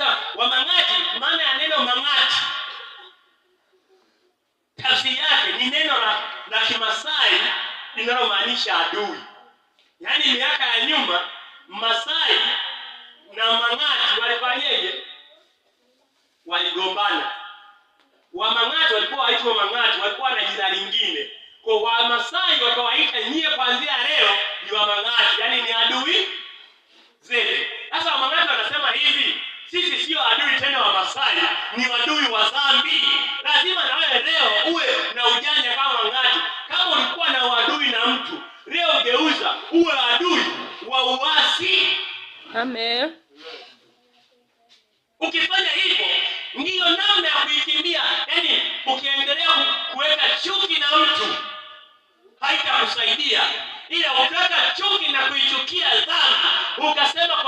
Sasa wamang'ati, maana ya neno mang'ati tafsiri yake ni neno la, la Kimasai linalomaanisha adui. Yaani miaka ya nyuma Masai na mang'ati walifanyeje? Waligombana. Wamang'ati walikuwa waitwa mang'ati, walikuwa na jina lingine. Kwa Wamasai wakawaita nyie, kuanzia leo ni wadui wa dhambi. Lazima nawe leo uwe na ujanja kama ngati. Kama ulikuwa na wadui na mtu, leo geuza uwe adui wa uasi. Amen. Ukifanya hivyo ndiyo namna ya kuikimbia. Yaani, ukiendelea kuweka chuki na mtu haitakusaidia, ila ukaka chuki na kuichukia dhambi ukasema